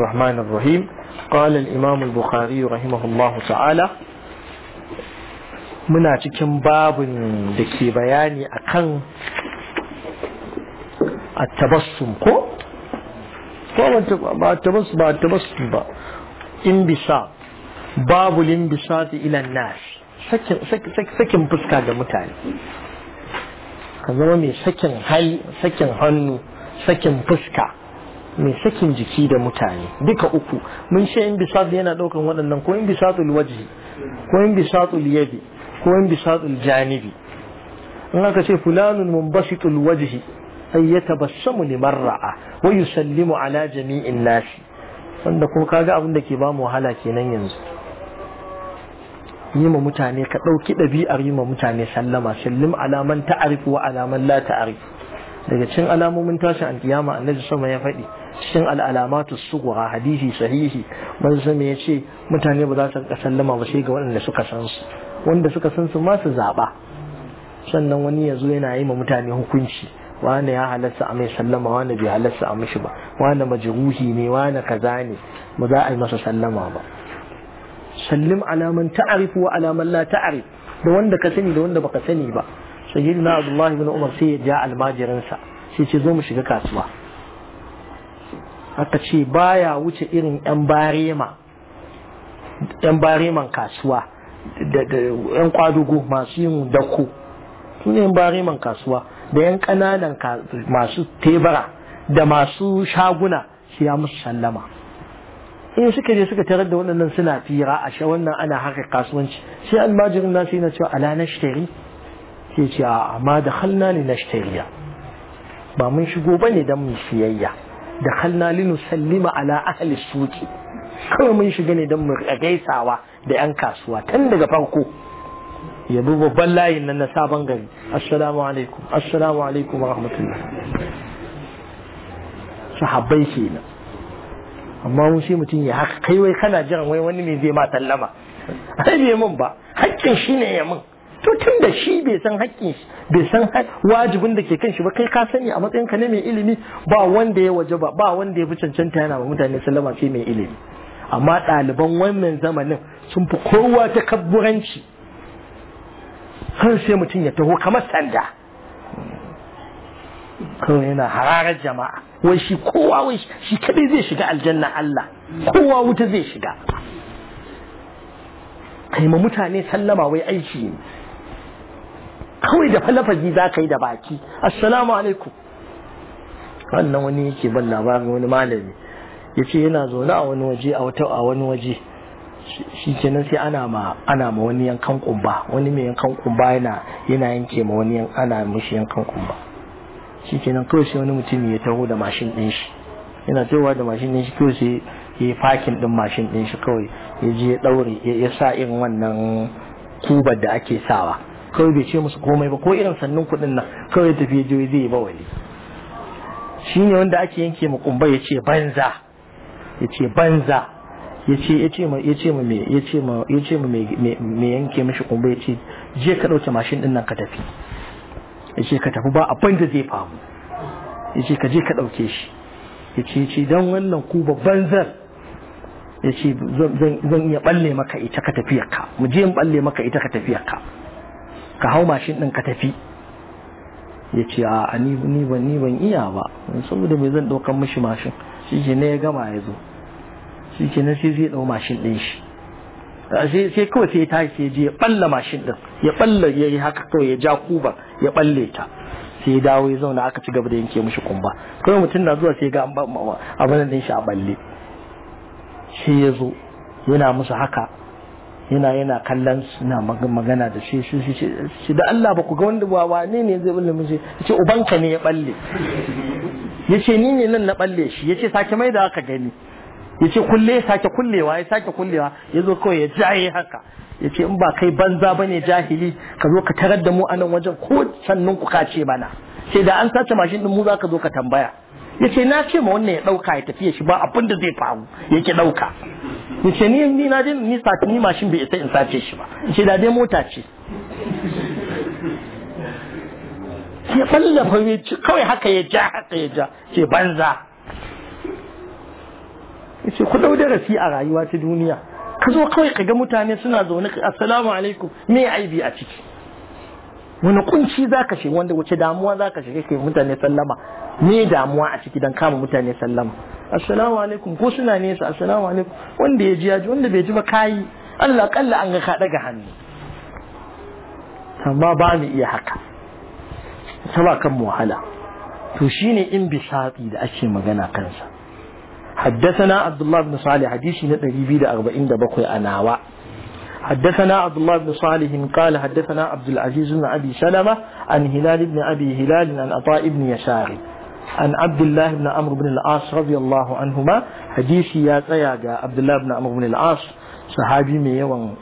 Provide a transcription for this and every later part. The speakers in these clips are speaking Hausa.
الرحمن الرحيم قال الإمام البخاري رحمه الله تعالى muna cikin babin da ke bayani akan attabassum ko Ko ba tabassum ba tabassum ba inbisa babu ta ila nas sakin fuska ga mutane ka zama mai sakin sakin hannu sakin fuska mai sakin jiki da mutane duka uku mun ce in bisat yana daukan waɗannan ko in bisatul wajhi ko in bisatul yadi ko in bisatul janibi in aka ce fulanun munbasitul wajhi ay yatabassamu liman ra'a wa yusallimu ala jami'in nasi wanda ko kaga abin da ke ba mu wahala kenan yanzu yi ma mutane ka ɗauki ɗabi'ar yi ma mutane sallama sallim alaman ta'arifu wa alaman la ta'arifu daga cin alamomin tashin alkiyama annabi sama ya faɗi cikin al'alamatu sugura hadisi sahihi manzo me ce mutane ba za su rika sallama ba sai ga waɗanda suka san su wanda suka san su ma su sannan wani ya zo yana yi ma mutane hukunci wane ya halarsa a mai sallama wane bai halarsa a mishi ba wane majruhi ne wane kaza ne ba za a yi masa sallama ba sallim alaman ta'arifu wa alaman la ta'arif da wanda ka sani da wanda baka sani ba sayyidina abdullahi ibn umar sai ya ja almajiransa sai ce zo mu shiga kasuwa aka ce baya wuce irin 'yan barema 'yan bareman kasuwa da 'yan kwadugo masu yin dako su 'yan bareman kasuwa da 'yan kananan masu tebara da masu shaguna su ya musu sallama in suka je suka tarar da waɗannan suna fira a sha wannan ana haka kasuwanci sai almajirin nasu na cewa ala nashtari sai ce a amma da halna ne nashtariya ba mun shigo ba ne don mu siyayya da hannali sallima ala ahli suki kawai mun shiga ne don mu gaisawa da yan kasuwa tun daga farko ya bi babban layin nan na sabon gari assalamu alaikum assalamu alaikum wa rahmatullah sahabbai kenan amma mun sai mutum ya haka kai wai kana jiran wai wani ne zai ma sallama ai bai mun ba hakkin shine ya mun to tun da shi bai san haƙƙin shi bai san wajibin da ke kan shi ba kai ka sani a matsayin ka ne mai ilimi ba wanda ya waje ba ba wanda ya fi cancanta yana ba mutane sallama sai mai ilimi amma ɗaliban wannan zamanin sun fi kowa ta kabburanci kan sai mutum ya taho kamar sanda kan yana hararar jama'a wai shi kowa wai shi kadai zai shiga aljanna Allah kowa wuta zai shiga kai ma mutane sallama wai aiki ne kawai da falafazi za ka yi da baki assalamu alaikum wannan wani yake ban labarin wani malami ya ce yana zaune a wani waje a wata a wani waje shi kenan sai ana ma ana ma wani yankan kumba wani mai yankan kumba yana yana yanke ma wani ana mishi yankan kumba shi kenan kawai sai wani mutum ya taho da mashin ɗin shi yana taho da mashin ɗin shi kawai sai ya yi fakin ɗin mashin ɗin shi kawai ya je ya ɗaure ya sa irin wannan kubar da ake sawa kawai bai ce musu komai ba ko irin sannin kuɗin nan kawai tafiye jiyoyi zai yi bawali shi ne wanda ake yanke ma kumba ya ce banza ya ce banza ya ce ya ce ma ya ce ma ya ce ma ya ce ma me yanke mishi kumba ya ce je ka ɗauke mashin ɗin nan ka tafi ya ce ka tafi ba abin da zai faru ya ce ka je ka ɗauke shi ya ce ya ce don wannan ku babban zar ya ce zan iya balle maka ita ka tafiyarka mu je in balle maka ita ka tafiyarka ka hau mashin ɗin ka tafi ya ce a ni ban ni ban iya ba saboda mai zan ɗaukan mashi mashin shi ke ne ya gama ya zo shi ke nan sai zai ɗau mashin ɗin shi sai kawai sai ta sai je ya ɓalla mashin ɗin ya ɓalla ya yi haka kawai ya ja kuba ya ɓalle ta sai ya dawo ya zauna aka ci gaba da yanke mashi kumba kawai mutum na zuwa sai ga abin ɗin shi a ɓalle sai ya zo yana musu haka yana yana kallon suna magana da shi shi shi da Allah ba ku ga wanda ba wane ne zai balle mishi yace ubanka ne ya balle yace ni ne nan na balle shi yace sake mai da haka gani yace kulle sake kullewa ya sake kullewa yazo kawai ya jaye haka yace in ba kai banza bane jahili ka zo ka tarar da mu a nan wajen ko sannan ku kace bana sai da an sace mashin din mu za ka zo ka tambaya yace na ce ma wannan ya dauka ya tafiya shi ba abin da zai faru yake dauka ce ni ni na je ni sati ni mashin bai isa in sace shi ba yace da dai mota ce ya fallafa ya kawai haka ya ja haka ya ja ce banza yace ku dau darasi a rayuwa ta duniya ka zo kawai ka ga mutane suna zaune assalamu alaikum me aibi a ciki wani kunci za ka shiga wanda wace damuwa za ka shiga kai mutane sallama ne damuwa a ciki don kama mutane sallama assalamu alaikum ko suna nesa assalamu alaikum wanda ya ji ya ji wanda bai ji ba kayi Allah kalla an ga ka daga hannu amma ba mu iya haka ta ba kan wahala to shine in bisati da ake magana kansa حدثنا عبد الله بن صالح حديث 247 a nawa حدثنا عبد الله بن صالح قال حدثنا عبد العزيز بن أبي سلمة عن هلال بن أبي هلال عن عطاء بن يسار عن عبد الله بن عمرو بن العاص رضي الله عنهما حديث يا تياجا عبد الله بن عمرو بن العاص صحابي mai yawan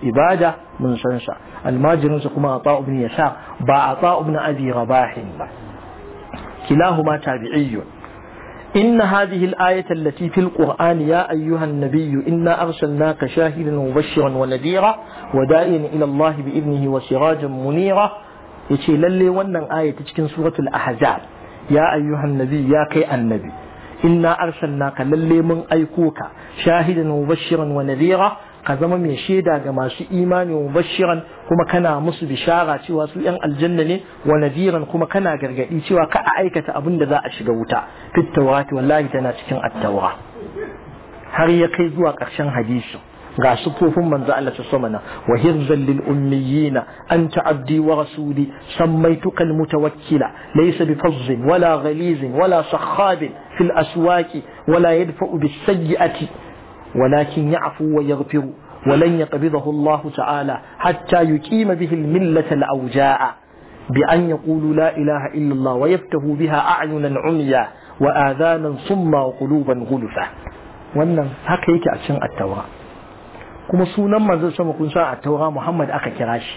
من mun الماجر sa almajirinsa kuma بن يسار yasa بن أبي رباح كلاهما تابعي إن هذه الآية التي في القرآن يا أيها النبي إنا أرسلناك شاهدا مبشرا ونذيرا ودائيا إلى الله بإذنه وسراجا منيرا يتي للي ونن آية تشكن سورة الأحزاب يا أيها النبي يا كي النبي إنا أرسلناك للي من أيكوك شاهدا مبشرا ونذيرا ka zama mai shaida ga masu imani wa bashiran kuma kana musu bishara cewa su yan aljanna ne wa nadiran kuma kana gargadi cewa ka a aikata abin da za a shiga wuta fitawati wallahi tana cikin attawa har ya kai zuwa ƙarshen hadisi ga sufofin manzo Allah ta sama wa hirzal lil ummiyina anta abdi wa rasuli sammaituka al mutawakkila laysa bi fazzin wala ghalizin wala sakhabin fil aswaqi wala yadfa bis sayyi'ati ولكن يعفو ويغفر ولن يقبضه الله تعالى حتى يقيم به الملة الأوجاع بأن يقولوا لا إله إلا الله ويفتهوا بها أعينا عميا وآذانا صما وقلوبا غلفا wannan haka yake a cikin attaura kuma sunan manzon sama kun san attaura Muhammad aka kira shi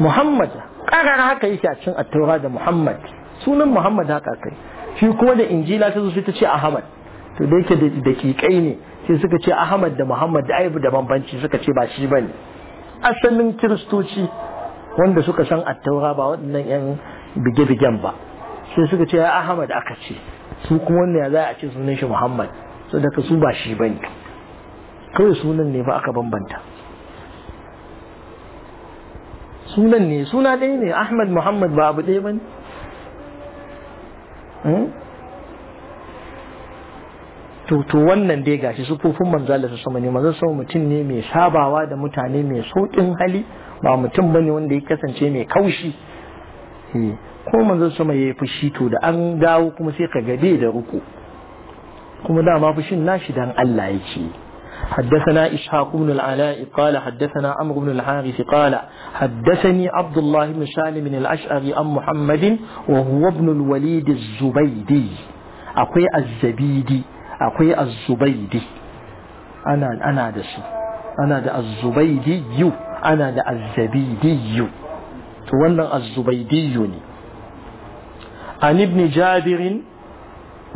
Muhammad karar haka yake a cikin attaura da Muhammad sunan Muhammad haka kai shi kuma da injila ta zo sai ta ce Ahmad to da yake kikai ne sai suka ce ahmad da muhammad da aibu da bambanci suka ce ba shi ba ne asalin kiristoci wanda suka san attaura ba waɗannan 'yan bige-bigen ba sai suka ce ya ahmad aka ce su kuma wannan ya za a ce sunan shi muhammad so daga su ba shi bane kawai sunan ne ba aka bambanta sunan ne suna ɗaya ne ahmad muhammad ba abu ɗaya bane hmm? to to wannan dai gashi sufofin manzo Allah sama ne manzo sama mutum ne mai sabawa da mutane mai sokin hali ba mutum bane wanda ya kasance mai kaushi ko manzo mai yafi shi to da an dawo kuma sai ka gade da ruku kuma dama fushin nashi dan Allah yake حدثنا إشحاق بن العلاء قال حدثنا عمرو بن الحارث قال حدثني عبد الله بن سالم الأشعري أم محمد وهو ابن الوليد الزبيدي أقوي الزبيدي akwai az-zubaydi ana ana da su ana da az-zubaydi yu ana da az-zabidi yu to wannan az-zubaydi yu ne an ibn jabir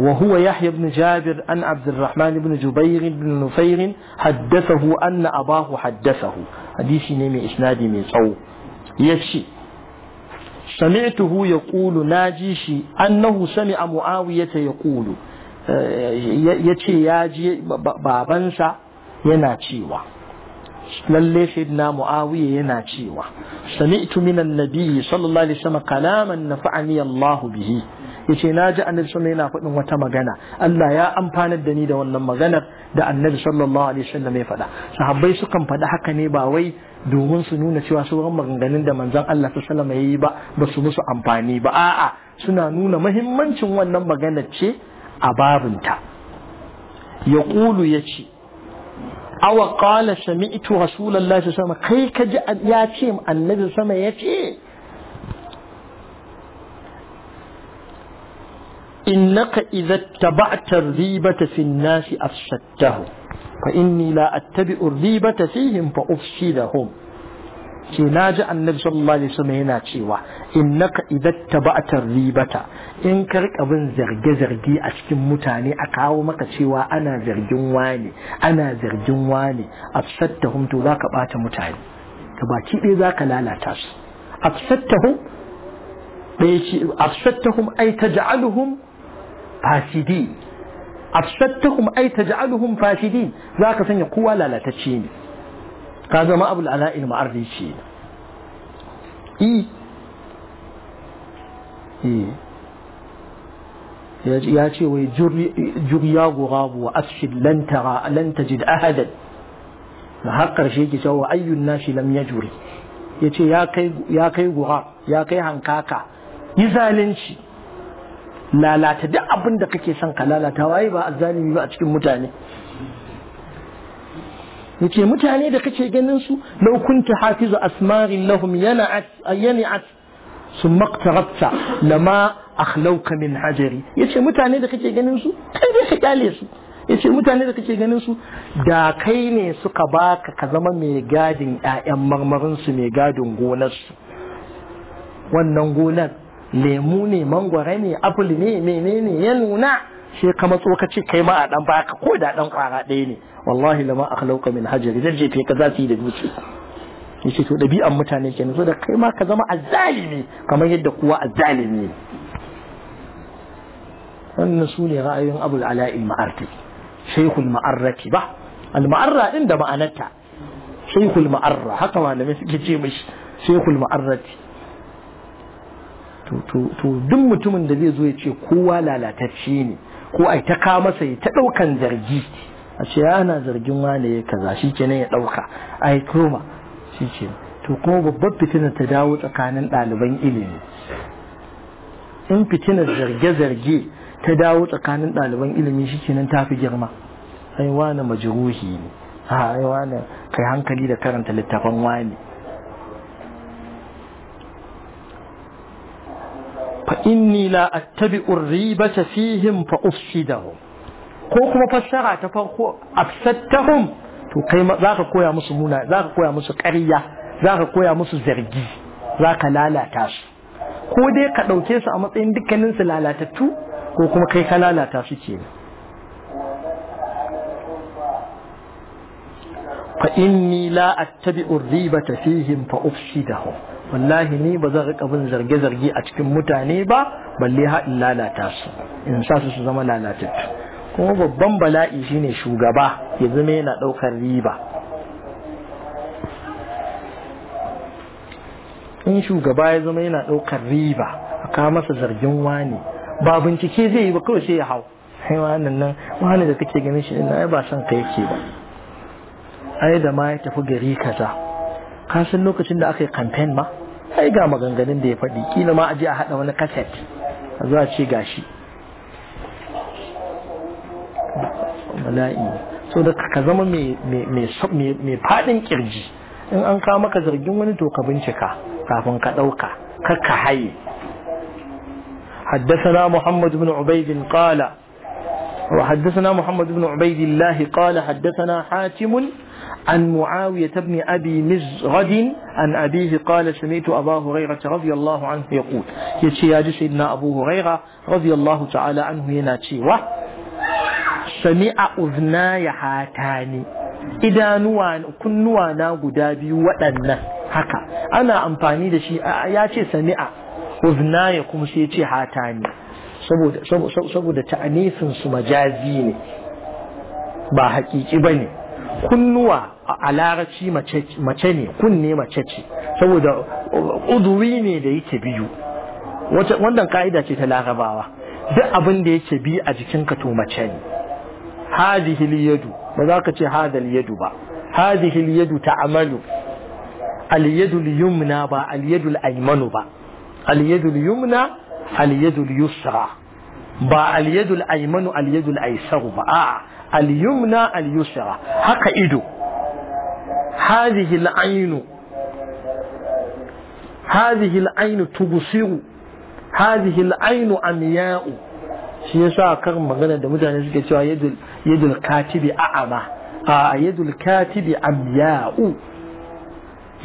وهو يحيى بن جابر عن عبد الرحمن بن جبير بن نفير حدثه أن أباه حدثه حديث نمي إسنادي من صو يشي سمعته يقول ناجيشي أنه سمع معاوية يقول ya ce ya ji babansa yana cewa lalle na mu'awiyya yana cewa sami'tu minan nabiyyi sallallahu alaihi wasallam kalaman nafa'ani Allahu bihi yace na ji annabi sallallahu yana faɗin wata magana Allah ya amfana da ni da wannan maganar da annabi sallallahu alaihi wasallam ya faɗa sahabbai sukan faɗi haka ne ba wai domin su nuna cewa sauran maganganun da manzon Allah sallallahu alaihi wasallam ya yi ba ba su musu amfani ba a'a suna nuna muhimmancin wannan maganar ce a babinta ya ƙulu ya ce awa ƙala sami'tu rasulallahi sama kai ka ji ya ce annabi sama ya ce innaka idza taba'ta ar-ribata fi an-nasi afsadtahu fa inni la attabi'u ar-ribata fihim fa ufsidahum ke na ji annabi sallallahu alaihi wasallam yana cewa innaka idatta tabata ribata in ka rika bin zarge-zarge a cikin mutane a kawo maka cewa ana zargin wani ana zargin wani afsattahum to zaka bata mutane ka baki dai zaka lalata su afsattahum ɗaya shi afsattahum ai taj'aluhum fasidin afsattahum ai taj'aluhum fasidin zaka sanya kowa lalatacce ne ka zama abul ala'il ma'arri ce i ya ce wai juriya gurabu wa asfid lan tara lan tajid ahadan da har karshe ki cewa ayyun nashi lam yajuri yace ya kai ya kai gura ya kai hankaka yi zalunci lalata duk abin da kake son ka lalata waye ba azzalimi ba a cikin mutane yace mutane da kake ganin su law kunta hafizu asmarin lahum yana'at yana'at sun maktarabta lama akhlauka min hajari yace mutane da kake ganin su kai dai ka kyale su yace mutane da kake ganin su da kai ne suka baka ka zama mai gadin ƴaƴan marmarin su mai gadin gonar su wannan gonar lemu ne mangwara ne apple ne menene ya nuna sai ka matso ka ce kai ma a dan baka ko da dan kwara ɗaya ne wallahi lama akhlauka min hajari zan jefe ka za su yi da dutse yace to ɗabi'an mutane kenan so da kai ma ka zama azzalimi kamar yadda kuwa azzalimi ne wannan su ne ra'ayin abul ala'il ma'arti shaykhul ma'arrati ba al ma'arra din da ma'anarta shaykhul ma'arra haka malamai suke ce mishi shaykhul ma'arrati to to to duk mutumin da zai zo ya ce kowa lalatacce ne ko ai ta ka masa ta ɗaukan zargi a ce ah, ana zargin wane ya kaza shi kenan ya ɗauka ai koma shi ce to kuma babbar fitina ta dawo tsakanin ɗaliban ilimi in fitinar zarge-zarge ta dawo tsakanin ɗaliban ilimi shi kenan ta fi girma ai wani majiruhi ne ah, ai wani kai hankali da karanta littafan wane fa inni la attabi'u ribata fihim fa ufsidahum ko kuma fassara ta farko afsattahum to kai za ka koya musu muna zaka koya musu ƙarya za koya musu zargi zaka lalata su ko dai ka ɗauke su a matsayin dukkaninsu lalatattu ko kuma kai ka lalata su kenan fa inni la attabi'u ribata fihim fa ufsidahu wallahi ni bazan zan rika bin zarge zarge a cikin mutane ba balle ha in lalata su in sa su su zama lalatattu kuma babban bala'i shine shugaba ya zama yana daukar riba in shugaba ya zama yana ɗaukar riba aka masa zargin wani ba bincike zai yi ba kawai sai ya hau sai wannan nan wani da take ganin shi ina ba san ka yake ba ai da ma ya tafi gari kaza ka san lokacin da aka yi campaign ma ai ga maganganun da ya faɗi kila ma a je a haɗa wani kaset a zuwa ce gashi bala'i so da ka zama mai faɗin kirji in an kawo maka zargin wani to ka bincika kafin ka ɗauka kar ka haye حدثنا محمد بن عبيد قال وحدثنا محمد بن عبيد الله قال حدثنا حاتم عن معاوية بن أبي مزغد عن أبيه قال سمعت أبا هريرة رضي الله عنه يقول يتي سيدنا أبو هريرة رضي الله تعالى عنه يناتي و سمع أذنا حاتاني إذا نوان كن نوانا قدابي وأنا هكا أنا أمفاني دشي ياتي سمع أذنا يقوم سيتي حاتاني سبو سبو سبو تأنيث مجازيني با حقيقي kunnuwa a larabci mace ne kunne mace ce saboda uduri ne da yake biyu wannan ka'ida ce ta larabawa duk abin da yake bi a jikinka to mace ne hadhihi liyadu ba za ka ce hadal yadu ba hadhihi liyadu ta amalu aliyadu liyumna ba aliyadu yadu aymanu ba aliyadu liyumna aliyadu al yusra ba aliyadu yadu aymanu al aysaru ba a'a al-yumna al-yusra haka ido hadhihi al-aynu hadhihi al-aynu tubsiru hadhihi al-aynu magana da mutane suke cewa yadul yadul katibi a'ama a yadul katibi amya'u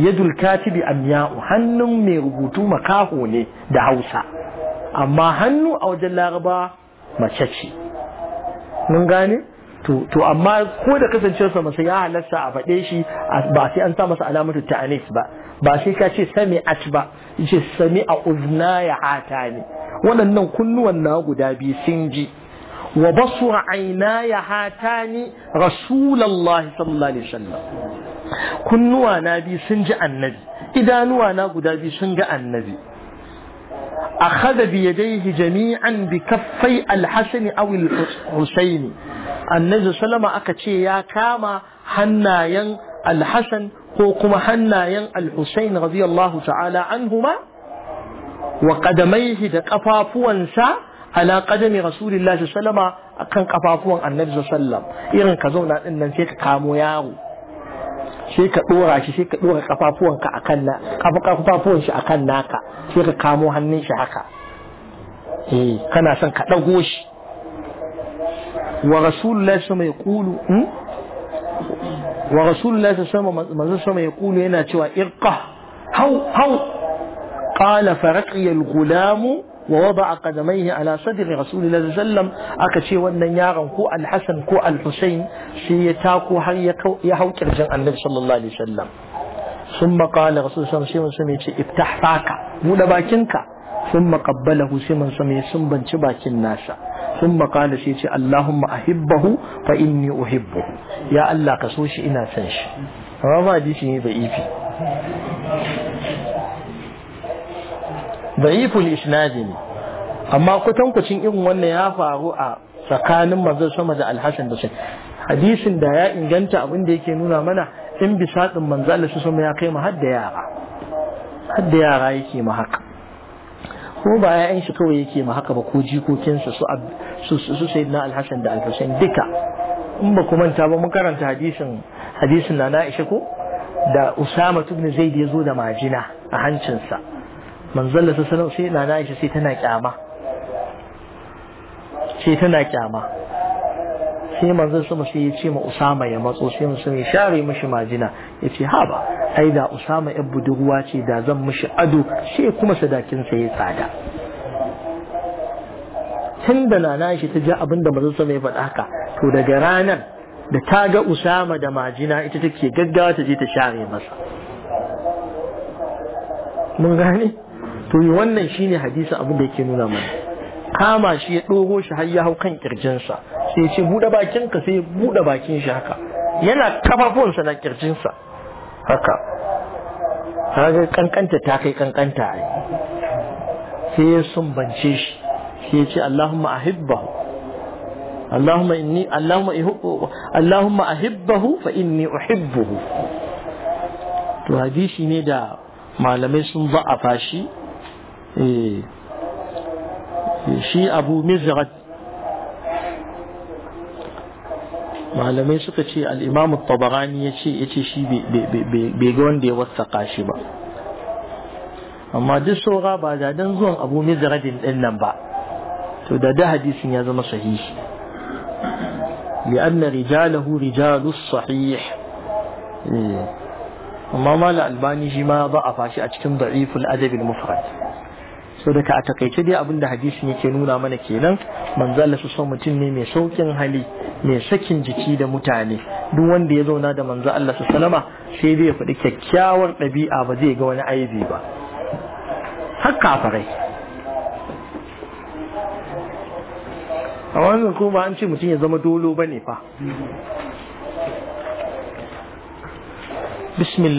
yadul katibi amya'u hannun mai rubutu makaho ne da Hausa amma hannu a wajen Laraba mace ce mun gane to amma ko da kasancewar sa masa ya halarta a faɗe shi ba sai an sa masa alamatu ta'anis ba ba sai ka ce sami at ba ce sami a uzna ya ata ne waɗannan kunnuwan na guda biyu sun ji wa basu aina ya hata ni rasulallahi sallallahu alaihi wasallam kunnuwa na bi sun ji annabi idanuwa na guda biyu sun ga annabi akhadha bi yadayhi jami'an bi kaffai al-hasan aw al-husayn annabi sallama aka ce ya kama hannayen alhassan ko kuma hannayen alhussein radiyallahu ta'ala anhuma wa qadamaihi da kafafuwansa ala qadami rasulillahi sallama akan kafafuwan annabi sallam irin ka zauna din nan sai ka kamo yaro sai ka dora shi sai ka dora kafafuwanka akan na kafafuwan shi akan naka sai ka kamo hannun shi haka eh kana son ka dago shi ورسول الله صلى يقول ورسول الله صلى الله عليه وسلم يقول هنا تشوا ارقى هو هو قال فرقي الغلام ووضع قدميه على صدر رسول الله صلى الله عليه وسلم أكشي وأن wannan كو ko كو hasan ko al-Husayn shi ya tako har ya ya haukir jin Annabi ثم قال رسول الله صلى الله عليه وسلم افتح فاكا مو بكنك ثم قبله سيما سمي سمبا شبا كناشا sun makana sai ce Allahun ma'ahibbahu fa inni uhibbahu ya Allah ka so shi ina san shi amma ba ji shi ne ifi da'ifin ishinaji ne amma kutankucin irin wannan ya faru a tsakanin mazal sama da alhassan da shi hadisin da ya inganta abin da yake nuna mana in bisaɗin manzal da su sama ya kai har da yara har yara yake ko ba ya shi kawai yake haka ba ko jikokinsa su su sai na alhassan da alhassan duka in ba ku manta ba mun karanta hadisin hadisin na ishe ko da Usama tun da ya zo da majina a hancinsa manzon Allah sallallahu sai na ishe sai tana kyama sai tana kyama sai manzon su sai ya ce ma Usama ya matso sai musu ya share mishi majina ya ce ha ba ai da Usama ya budurwa ce da zan mishi ado sai kuma sadakinsa ya tsada tun da nana shi ta ji abin da mazan sama ya faɗa haka to daga ranar da ta ga usama da majina ita take gaggawa ta je ta share masa mun gane to yi wannan shine hadisi abin da yake nuna mana kama shi ya ɗogo shi har ya hau kan kirjinsa sai ya ce buɗe ka sai ya buɗe bakin shi haka yana kafafunsa na kirjinsa haka kaga kankanta ta kai kankanta sai ya sumbance shi sai ce Allahumma ahibbahu Allahumma inni Allahumma ihibbu Allahumma ahibbahu fa inni uhibbuhu to hadisi ne da malamai sun ba'afa shi eh shi Abu Mizrad malamai suka ce al-Imam tabarani ya ce yace shi bai ga wanda ya wasaka shi ba amma duk saura ba da dan zuwan Abu Mizrad din nan ba to da da hadisin ya zama sahihi li'anna rijalahu rijalus sahih eh, amma mala albani shi ma ba a fashi a cikin da'iful adabil mufrad so daga a takaice dai abin da hadisin yake nuna mana kenan manzo Allah su son mutum ne mai saukin hali mai sakin jiki da mutane duk wanda ya zauna da manzo Allah su salama sai dai ya faɗi kyakkyawar ɗabi'a ba zai ga wani aibi ba har farai. a wannan kuma ba an ce mutum ya zama dolo ba ne fa hmm.